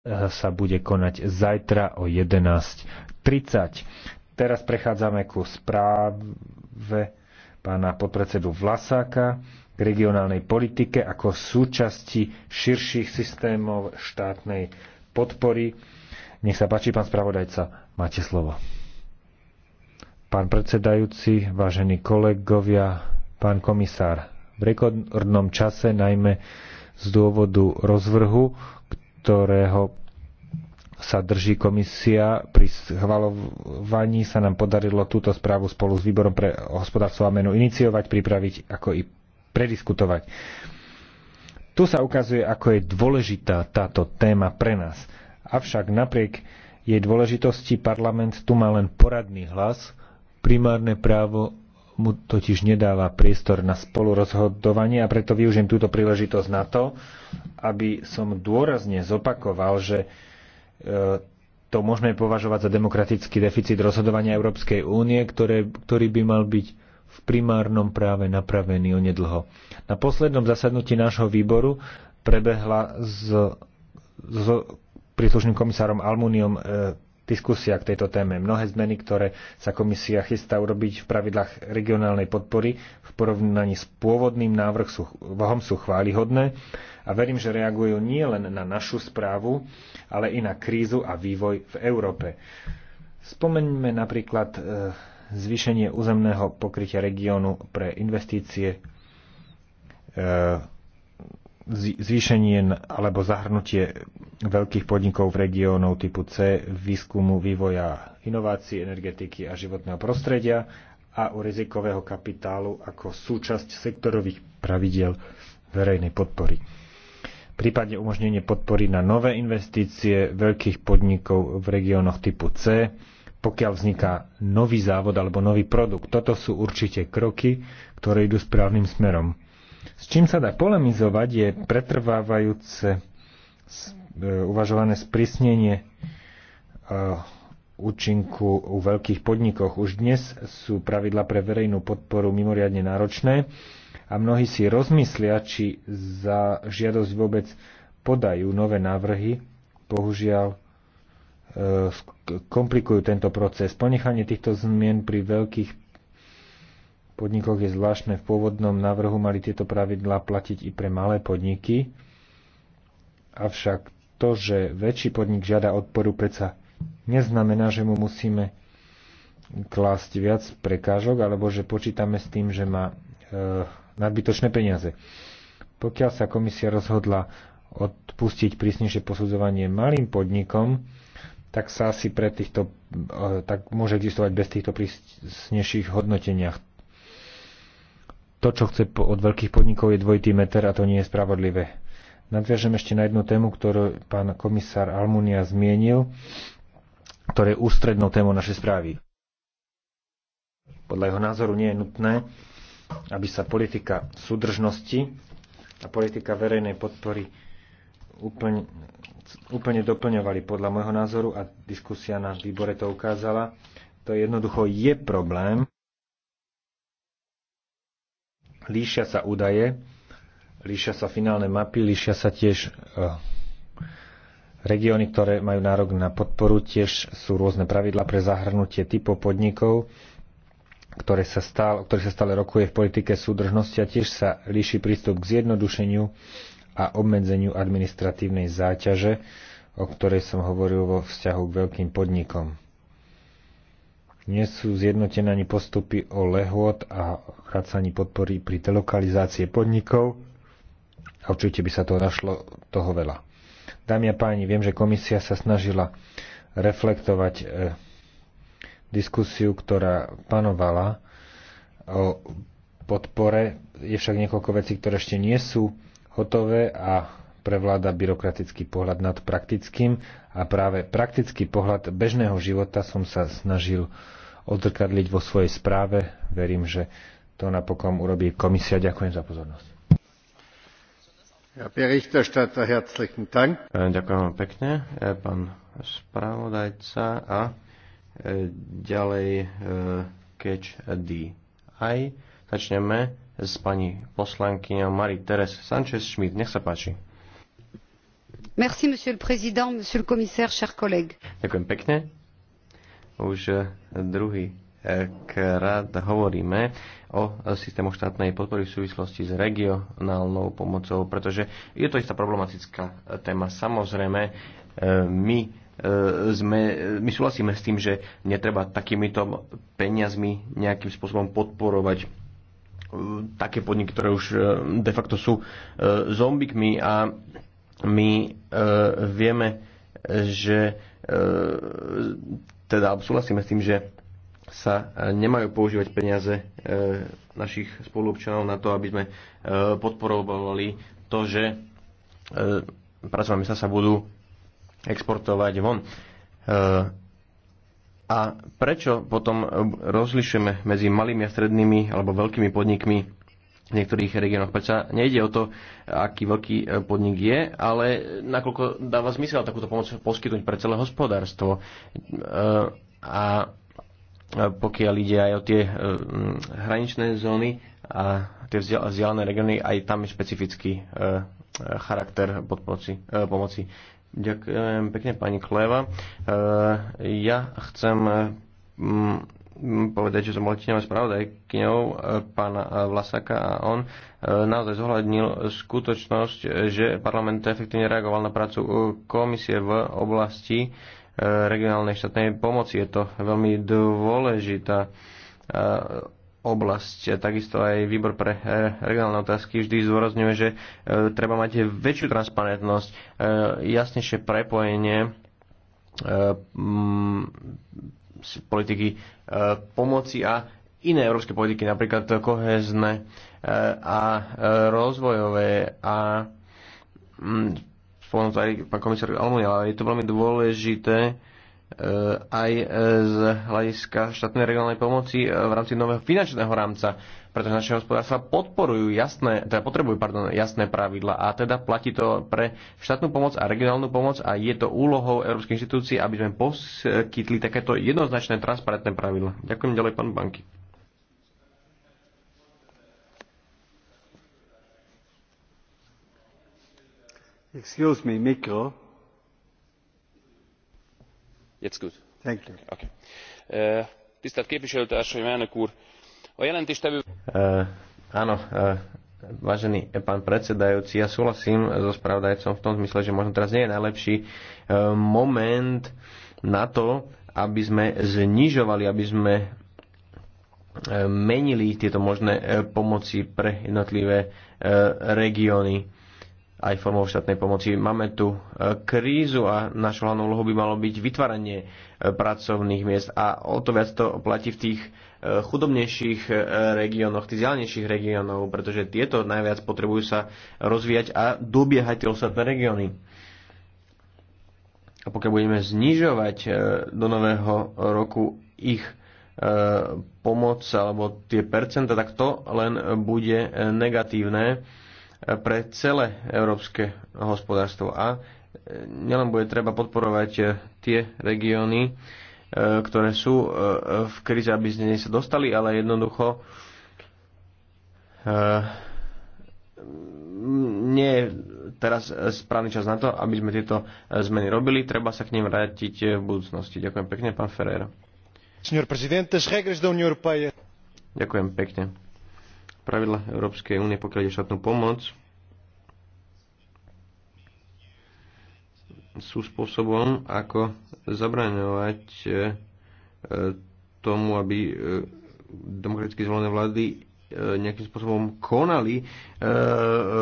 E, sa bude konať zajtra o 11.30. Teraz prechádzame ku správe pána podpredsedu Vlasáka k regionálnej politike ako súčasti širších systémov štátnej podpory. Nech sa páči, pán spravodajca, máte slovo. Pán predsedajúci, vážení kolegovia, pán komisár, v rekordnom čase, najmä z dôvodu rozvrhu, ktorého sa drží komisia. Pri schvalovaní sa nám podarilo túto správu spolu s výborom pre hospodárstvo a menu iniciovať, pripraviť, ako i prediskutovať. Tu sa ukazuje, ako je dôležitá táto téma pre nás. Avšak napriek jej dôležitosti parlament tu má len poradný hlas, primárne právo mu totiž nedáva priestor na spolurozhodovanie a preto využijem túto príležitosť na to, aby som dôrazne zopakoval, že e, to môžeme považovať za demokratický deficit rozhodovania Európskej únie, ktoré, ktorý by mal byť v primárnom práve napravený onedlho. Na poslednom zasadnutí nášho výboru prebehla s, s príslušným komisárom Almuniom e, diskusia k tejto téme. Mnohé zmeny, ktoré sa komisia chystá urobiť v pravidlách regionálnej podpory v porovnaní s pôvodným návrhom sú chválihodné a verím, že reagujú nie len na našu správu, ale i na krízu a vývoj v Európe. Spomeňme napríklad e, zvýšenie územného pokrytia regiónu pre investície e, zvýšenie alebo zahrnutie veľkých podnikov v regiónov typu C, výskumu, vývoja, inovácií, energetiky a životného prostredia a u rizikového kapitálu ako súčasť sektorových pravidiel verejnej podpory. Prípadne umožnenie podpory na nové investície veľkých podnikov v regiónoch typu C, pokiaľ vzniká nový závod alebo nový produkt. Toto sú určite kroky, ktoré idú správnym smerom s čím sa dá polemizovať je pretrvávajúce e, uvažované sprísnenie e, účinku u veľkých podnikoch. Už dnes sú pravidla pre verejnú podporu mimoriadne náročné a mnohí si rozmyslia, či za žiadosť vôbec podajú nové návrhy. Bohužiaľ, e, komplikujú tento proces. Ponechanie týchto zmien pri veľkých podnikoch je zvláštne. V pôvodnom návrhu mali tieto pravidlá platiť i pre malé podniky, avšak to, že väčší podnik žiada odporu, predsa neznamená, že mu musíme klásť viac prekážok, alebo že počítame s tým, že má e, nadbytočné peniaze. Pokiaľ sa komisia rozhodla odpustiť prísnejšie posudzovanie malým podnikom, tak sa asi pre týchto, e, tak môže existovať bez týchto prísnejších hodnoteniach to, čo chce od veľkých podnikov, je dvojitý meter a to nie je spravodlivé. Nadviažem ešte na jednu tému, ktorú pán komisár Almunia zmienil, ktoré je ústrednou témou našej správy. Podľa jeho názoru nie je nutné, aby sa politika súdržnosti a politika verejnej podpory úplne, úplne doplňovali podľa môjho názoru a diskusia na výbore to ukázala. To jednoducho je problém, líšia sa údaje, líšia sa finálne mapy, líšia sa tiež e, regióny, ktoré majú nárok na podporu, tiež sú rôzne pravidla pre zahrnutie typov podnikov, ktoré sa stále, o ktorých sa stále rokuje v politike súdržnosti a tiež sa líši prístup k zjednodušeniu a obmedzeniu administratívnej záťaže, o ktorej som hovoril vo vzťahu k veľkým podnikom nie sú zjednotené ani postupy o lehôd a vracaní podpory pri delokalizácie podnikov a určite by sa toho našlo toho veľa. Dámy a páni, viem, že komisia sa snažila reflektovať e, diskusiu, ktorá panovala o podpore. Je však niekoľko vecí, ktoré ešte nie sú hotové a prevláda byrokratický pohľad nad praktickým a práve praktický pohľad bežného života som sa snažil odzrkadliť vo svojej správe. Verím, že to napokon urobí komisia. Ďakujem za pozornosť. E, ďakujem pekne, e, pán spravodajca. A e, ďalej catch D. Aj začneme s pani poslankyňou Mari Teres Sanchez Schmidt. Nech sa páči. Merci, monsieur le président, monsieur le commissaire, chers collègues. Ďakujem pekne, už eh, druhý eh, krát hovoríme o eh, systému štátnej podpory v súvislosti s regionálnou pomocou, pretože je to istá problematická téma. Samozrejme, my, sme, my súhlasíme s tým, že netreba takýmito peniazmi nejakým spôsobom podporovať také podniky, ktoré už de facto sú zombikmi a my vieme, že e, teda súhlasíme s tým, že sa nemajú používať peniaze e, našich spoluobčanov na to, aby sme e, podporovali to, že pracovné sa sa budú exportovať von. A prečo potom rozlišujeme medzi malými a strednými alebo veľkými podnikmi v niektorých regiónoch. Prečo nejde o to, aký veľký e, podnik je, ale nakoľko dáva zmysel takúto pomoc poskytnúť pre celé hospodárstvo. E, a e, pokiaľ ide aj o tie hraničné zóny a tie vzdialené regióny, aj tam je špecifický charakter podpoci, pomoci. Ďakujem pekne pani Kleva. Ja chcem povedať, že som bol tieňovou spravodajkyňou e, pána e, Vlasaka a on e, naozaj zohľadnil skutočnosť, že parlament efektívne reagoval na prácu komisie v oblasti regionálnej štátnej pomoci. Je to veľmi dôležitá oblasť. Takisto aj výbor pre regionálne otázky vždy zdôrazňuje, že treba mať väčšiu transparentnosť, jasnejšie prepojenie politiky e, pomoci a iné európske politiky, napríklad kohezné e, a e, rozvojové a mm, spomenul aj pán komisár Almunia, ale je to veľmi dôležité aj z hľadiska štátnej regionálnej pomoci v rámci nového finančného rámca pretože naše hospodárstva podporujú jasné, teda potrebujú pardon, jasné pravidla a teda platí to pre štátnu pomoc a regionálnu pomoc a je to úlohou Európskej inštitúcií, aby sme poskytli takéto jednoznačné transparentné pravidla. Ďakujem ďalej, pán Banky. Excuse me, micro. It's good. Thank you. Okay. Uh, tisztelt képviselőtársaim, elnök úr! Eh, áno, uh, vážený pán predsedajúci, ja súhlasím so spravodajcom v tom zmysle, že možno teraz nie je najlepší uh, moment na to, aby sme znižovali, aby sme menili tieto možné pomoci pre jednotlivé regióny aj formou štátnej pomoci. Máme tu e, krízu a našou hlavnou úlohou by malo byť vytváranie e, pracovných miest a o to viac to platí v tých e, chudobnejších regiónoch, tých zelenejších regiónov, pretože tieto najviac potrebujú sa rozvíjať a dobiehať tie ostatné regióny. A pokiaľ budeme znižovať do nového roku ich pomoc alebo tie percenta, tak to len bude negatívne pre celé európske hospodárstvo. A e, nielen bude treba podporovať e, tie regióny, e, ktoré sú v kríze, aby z nej sa dostali, ale jednoducho nie je teraz správny čas na to, aby sme tieto zmeny robili. Treba sa k nim vrátiť v budúcnosti. Ďakujem pekne, pán Ferreira. Ďakujem pekne pravidla Európskej únie, pokiaľ ide štátnu pomoc, sú spôsobom, ako zabraňovať eh, tomu, aby eh, demokraticky zvolené vlády E, nejakým spôsobom konali e,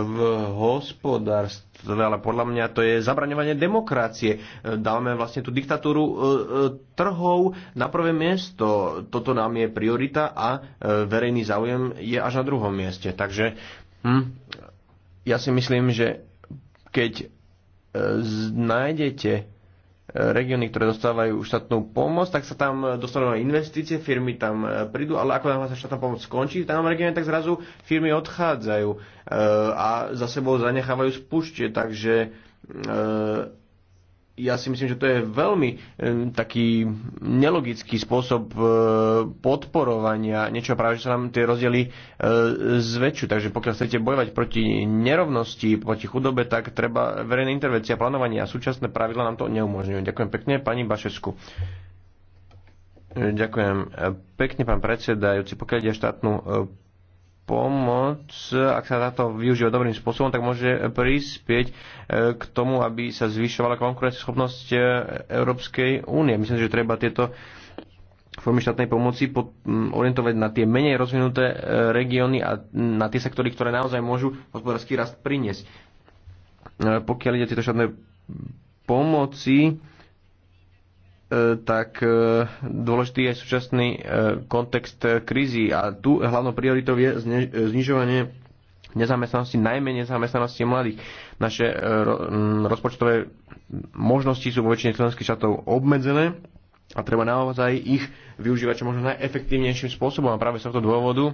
v hospodárstve, ale podľa mňa to je zabraňovanie demokracie. E, Dáme vlastne tú diktatúru trhov na prvé miesto. Toto nám je priorita a verejný záujem je až na druhom mieste. Takže hm, ja si myslím, že keď nájdete regióny, ktoré dostávajú štátnu pomoc, tak sa tam dostanú investície, firmy tam e, prídu, ale ako nám sa štátna pomoc skončí v danom regióne, tak zrazu firmy odchádzajú e, a za sebou zanechávajú spúšte, takže e, ja si myslím, že to je veľmi e, taký nelogický spôsob e, podporovania niečo práve, že sa nám tie rozdiely e, zväčšujú. Takže pokiaľ chcete bojovať proti nerovnosti, proti chudobe, tak treba verejná intervencia, plánovanie a súčasné pravidla nám to neumožňujú. Ďakujem pekne, pani Bašesku. E, ďakujem e, pekne, pán predsedajúci. Pokiaľ ide štátnu e, pomoc, ak sa táto využíva dobrým spôsobom, tak môže prispieť e, k tomu, aby sa zvyšovala konkurenceschopnosť e, Európskej únie. Myslím, že treba tieto formy štátnej pomoci pod, orientovať na tie menej rozvinuté e, regióny a na tie sektory, ktoré naozaj môžu hospodársky rast priniesť. Pokiaľ ide tieto štátne pomoci, tak e, dôležitý je súčasný e, kontext e, krízy a tu hlavnou prioritou je znižovanie nezamestnanosti, najmä nezamestnanosti mladých. Naše rozpočtové možnosti sú vo väčšine členských štátov obmedzené a treba naozaj ich využívať čo možno najefektívnejším spôsobom a práve z tohto dôvodu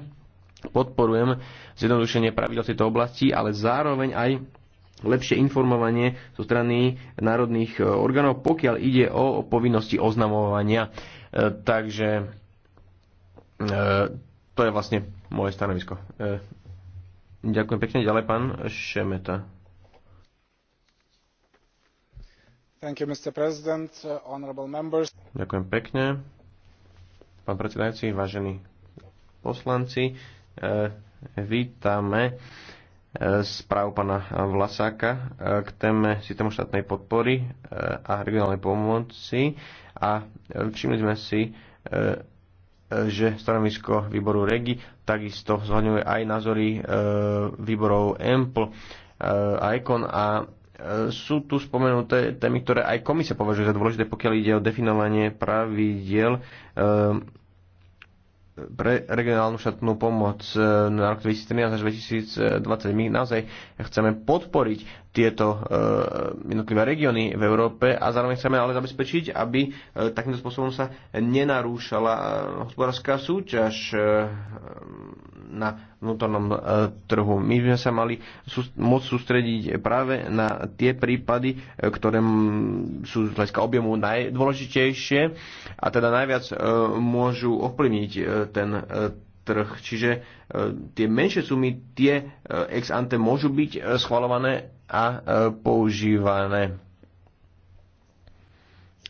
podporujem zjednodušenie pravidel tejto oblasti, ale zároveň aj lepšie informovanie zo strany národných e, orgánov, pokiaľ ide o povinnosti oznamovania. E, takže e, to je vlastne moje stanovisko. Ďakujem pekne. Ďalej pán Šemeta. Thank you, Mr. President, uh, honorable members. Ďakujem pekne. Pán predsedajúci, vážení poslanci, vítame E, správu pána Vlasáka e, k téme systému štátnej podpory e, a regionálnej pomoci a všimli sme si, že stanovisko výboru REGI takisto zohľadňuje aj názory výborov EMPL a ECON a sú tu spomenuté témy, ktoré aj komisia považuje za dôležité, pokiaľ ide o definovanie pravidiel pre regionálnu štátnu pomoc eh, na rok 2013 až 2020. My naozaj chceme podporiť tieto e, jednotlivé regióny v Európe a zároveň chceme ale zabezpečiť, aby e, takýmto spôsobom sa nenarúšala e, hospodárska súťaž na vnútornom trhu. My by sme sa mali môcť sústrediť práve na tie prípady, ktoré sú z hľadiska objemu najdôležitejšie a teda najviac môžu ovplyvniť ten trh. Čiže e, tie menšie sumy, tie e, ex ante môžu byť e, schvalované a používané.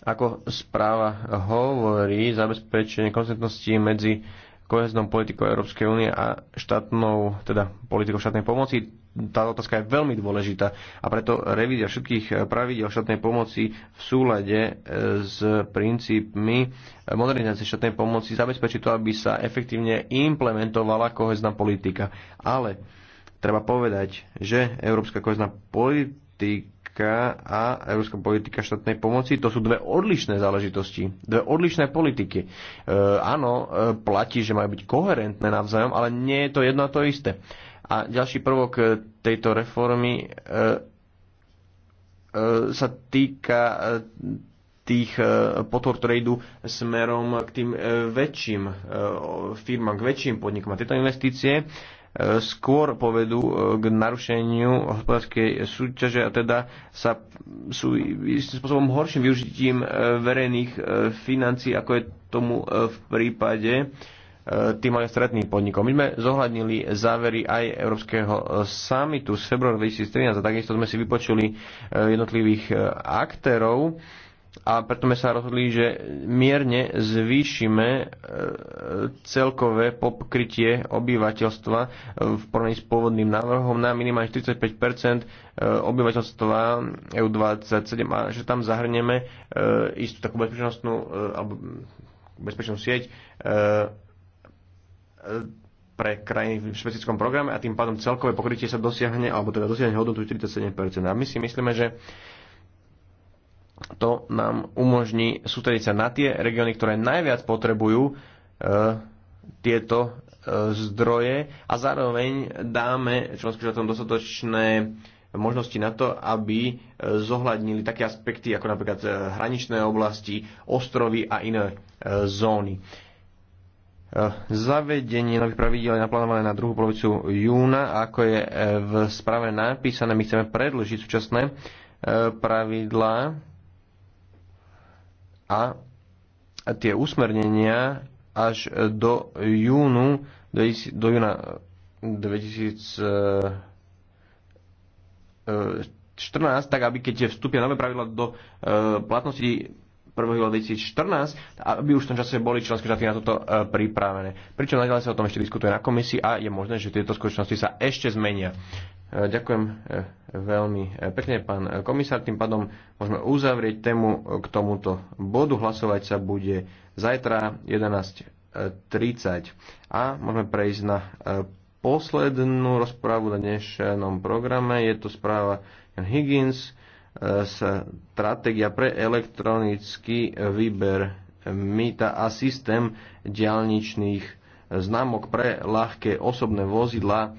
Ako správa hovorí, zabezpečenie konzistentnosti medzi koheznou politikou Európskej únie a štátnou, teda politikou štátnej pomoci. Tá otázka je veľmi dôležitá a preto revízia všetkých pravidel štátnej pomoci v súlade e, s princípmi e, modernizácie štátnej pomoci zabezpečí to, aby sa efektívne implementovala kohezná politika. Ale treba povedať, že Európska kohezná politika politika a európska politika štátnej pomoci, to sú dve odlišné záležitosti, dve odlišné politiky. E, áno, e, platí, že majú byť koherentné navzájom, ale nie je to jedno a to isté. A ďalší prvok e, tejto reformy e, e, sa týka e, tých e, podpor, ktoré idú smerom k tým e, väčším firmám, k väčším podnikom. A tieto investície skôr povedú e, k narušeniu hospodárskej súťaže a teda sa sú istým spôsobom horším využitím e, verejných e, financií, ako je tomu v prípade tým malým stredným podnikom. My sme zohľadnili závery aj Európskeho samitu z februára 2013 a takisto sme si vypočuli jednotlivých aktérov a preto sme sa rozhodli, že mierne zvýšime e, celkové pokrytie obyvateľstva e, v porovnaní s pôvodným návrhom na minimálne 45 e, obyvateľstva EU27 a že tam zahrnieme istú takú bezpečnostnú alebo bezpečnú sieť pre krajiny v špecickom programe a tým pádom celkové pokrytie sa dosiahne, alebo teda dosiahne hodnotu 47%. A my si myslíme, že to nám umožní sústrediť sa na tie regióny, ktoré najviac potrebujú e, tieto e, zdroje a zároveň dáme členským štátom dostatočné možnosti na to, aby e, zohľadnili také aspekty ako napríklad e, hraničné oblasti, ostrovy a iné e, zóny. E, zavedenie nových pravidel je naplánované na druhú polovicu júna. Ako je v správe napísané, my chceme predlžiť súčasné pravidlá a tie usmernenia až do júnu, do júna 2014, e, e, tak aby keď vstúpia nové pravidla do e, platnosti 1. júla 2014, aby už v tom čase boli členské štáty na toto pripravené. Pričom naďalej sa o tom ešte diskutuje na komisii a je možné, že tieto skutočnosti sa ešte zmenia. Ďakujem e, veľmi e, pekne, pán komisár. Tým pádom môžeme uzavrieť tému k tomuto bodu. Hlasovať sa bude zajtra 11.30. A môžeme prejsť na e, poslednú rozprávu na dnešnom programe. Je to správa Jan Higgins, stratégia pre elektronický výber mýta a systém diálničných známok pre ľahké osobné vozidla